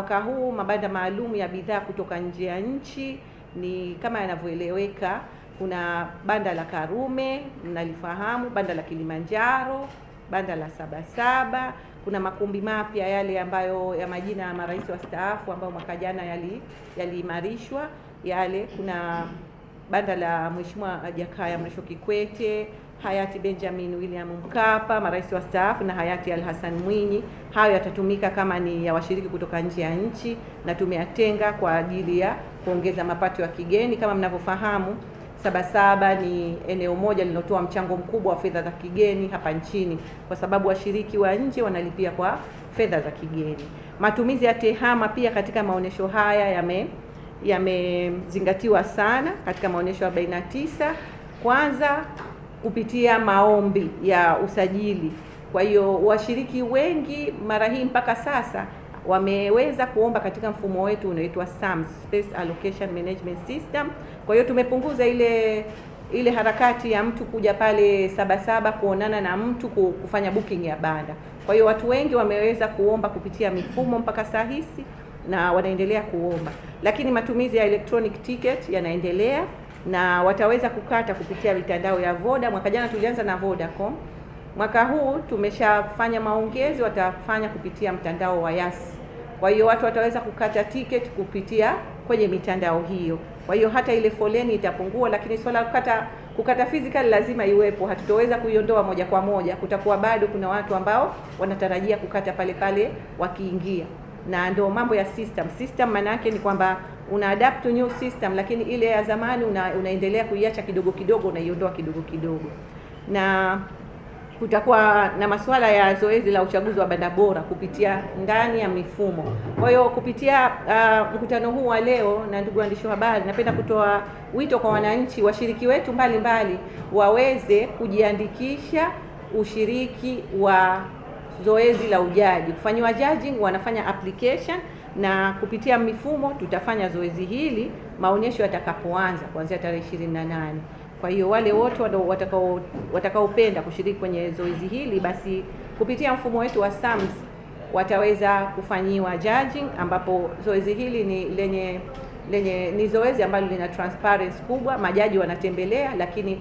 Mwaka huu mabanda maalum ya bidhaa kutoka nje ya nchi ni kama yanavyoeleweka. Kuna banda la Karume mnalifahamu, banda la Kilimanjaro, banda la Sabasaba. Kuna makumbi mapya yale ambayo ya majina ya marais wastaafu ambayo mwaka jana yaliimarishwa yali yale. Kuna banda la Mheshimiwa Jakaya Mrisho Kikwete hayati Benjamin William Mkapa, marais wastaafu na hayati al Hassan Mwinyi. Hayo yatatumika kama ni ya washiriki kutoka nje ya nchi, na tumeyatenga kwa ajili ya kuongeza mapato ya kigeni. Kama mnavyofahamu, Sabasaba ni eneo moja linalotoa mchango mkubwa wa fedha za kigeni hapa nchini, kwa sababu washiriki wa nje wanalipia kwa fedha za kigeni. Matumizi ya tehama pia katika maonyesho haya yame yamezingatiwa sana katika maonyesho 49 kwanza kupitia maombi ya usajili. Kwa hiyo washiriki wengi mara hii mpaka sasa wameweza kuomba katika mfumo wetu unaoitwa SAMS, Space Allocation Management System. Kwa hiyo tumepunguza ile ile harakati ya mtu kuja pale Sabasaba kuonana na mtu kufanya booking ya banda. Kwa hiyo watu wengi wameweza kuomba kupitia mifumo mpaka saa hisi na wanaendelea kuomba, lakini matumizi ya electronic ticket yanaendelea na wataweza kukata kupitia mitandao ya Voda. Mwaka jana tulianza na Vodacom, mwaka huu tumeshafanya maongezi, watafanya kupitia mtandao wa Yas. Kwa hiyo watu wataweza kukata tiketi kupitia kwenye mitandao hiyo, kwa hiyo hata ile foleni itapungua, lakini swala kukata kukata physical lazima iwepo, hatutoweza kuiondoa moja kwa moja. Kutakuwa bado kuna watu ambao wanatarajia kukata pale pale wakiingia, na ndio mambo ya system. System maana yake ni kwamba una adapt to new system, lakini ile ya zamani una, unaendelea kuiacha kidogo kidogo, unaiondoa kidogo kidogo. Na kutakuwa na masuala ya zoezi la uchaguzi wa banda bora kupitia ndani ya mifumo. Kwa hiyo kupitia uh, mkutano huu wa leo na ndugu waandishi wa habari, napenda kutoa wito kwa wananchi, washiriki wetu mbalimbali mbali, waweze kujiandikisha ushiriki wa zoezi la ujaji, kufanyiwa judging, wanafanya application na kupitia mifumo tutafanya zoezi hili maonyesho yatakapoanza kuanzia tarehe 28. Kwa hiyo wale wote watakaopenda kushiriki kwenye zoezi hili basi kupitia mfumo wetu wa SAMS wataweza kufanyiwa judging, ambapo zoezi hili ni lenye lenye ni zoezi ambalo lina transparency kubwa, majaji wanatembelea, lakini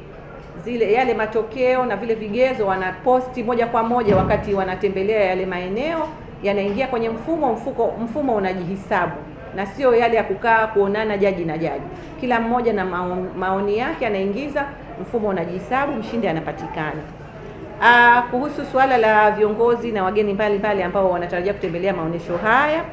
zile yale matokeo na vile vigezo wanaposti moja kwa moja wakati wanatembelea yale maeneo yanaingia kwenye mfumo mfuko, mfumo unajihisabu na sio yale ya kukaa kuonana jaji na jaji, kila mmoja na maoni yake anaingiza, mfumo unajihisabu, mshindi anapatikana. Aa, ah, kuhusu suala la viongozi na wageni mbalimbali ambao wanatarajia kutembelea maonyesho haya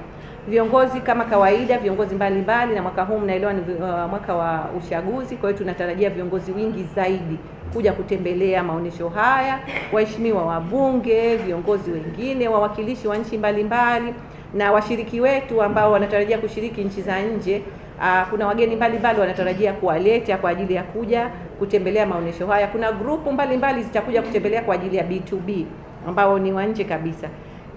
Viongozi kama kawaida, viongozi mbalimbali, na mwaka huu mnaelewa ni uh, mwaka wa uchaguzi. Kwa hiyo tunatarajia viongozi wingi zaidi kuja kutembelea maonyesho haya, waheshimiwa wabunge, viongozi wengine, wawakilishi wa nchi mbalimbali na washiriki wetu ambao wanatarajia kushiriki nchi za nje. Uh, kuna wageni mbalimbali wanatarajia kuwaleta kwa ajili ya kuja kutembelea maonyesho haya. Kuna grupu mbalimbali zitakuja kutembelea kwa ajili ya B2B ambao ni wa nje kabisa.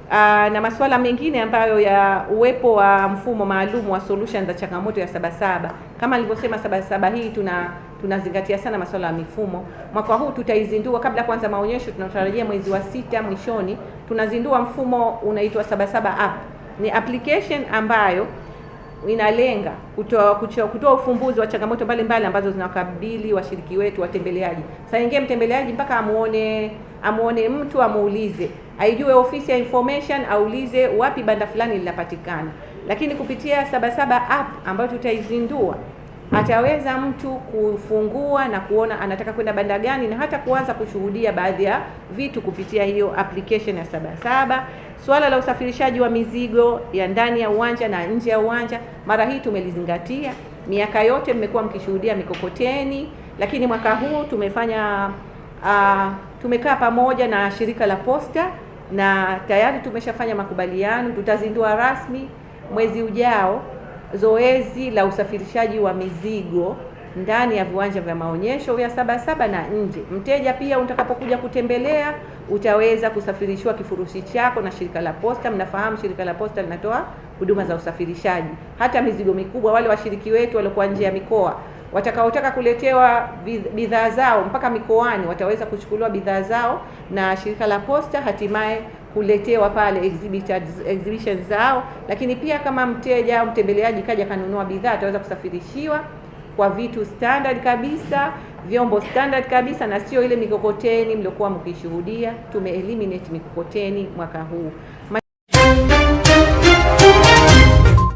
Aa, ah, na masuala mengine ambayo ya uwepo wa mfumo maalum wa solution za changamoto ya Sabasaba. Kama nilivyosema, Sabasaba hii tuna tunazingatia sana masuala ya mifumo. Mwaka huu tutaizindua kabla kwanza maonyesho, tunatarajia mwezi wa sita mwishoni tunazindua mfumo unaitwa Sabasaba app. Ni application ambayo inalenga kutoa kutoa ufumbuzi wa changamoto mbalimbali ambazo zinawakabili washiriki wetu watembeleaji. Saa nyingine mtembeleaji mpaka amuone amuone mtu amuulize, aijue ofisi ya information, aulize wapi banda fulani linapatikana. Lakini kupitia Sabasaba app ambayo tutaizindua ataweza mtu kufungua na kuona anataka kwenda banda gani na hata kuanza kushuhudia baadhi ya vitu kupitia hiyo application ya Sabasaba. Swala la usafirishaji wa mizigo ya ndani ya uwanja na nje ya uwanja, mara hii tumelizingatia. Miaka yote mmekuwa mkishuhudia mikokoteni, lakini mwaka huu tumefanya uh, tumekaa pamoja na shirika la posta na tayari tumeshafanya makubaliano, tutazindua rasmi mwezi ujao zoezi la usafirishaji wa mizigo ndani ya viwanja vya maonyesho vya Sabasaba na nje. Mteja pia utakapokuja kutembelea utaweza kusafirishiwa kifurushi chako na shirika la posta. Mnafahamu shirika la posta linatoa huduma za usafirishaji hata mizigo mikubwa. Wale washiriki wetu waliokuwa nje ya mikoa watakaotaka kuletewa bidhaa zao mpaka mikoani wataweza kuchukuliwa bidhaa zao na shirika la posta, hatimaye kuletewa pale exhibitions zao, lakini pia kama mteja au mtembeleaji kaja kanunua bidhaa ataweza kusafirishiwa kwa vitu standard kabisa, vyombo standard kabisa, na sio ile mikokoteni mliokuwa mkishuhudia. Tume eliminate mikokoteni mwaka huu.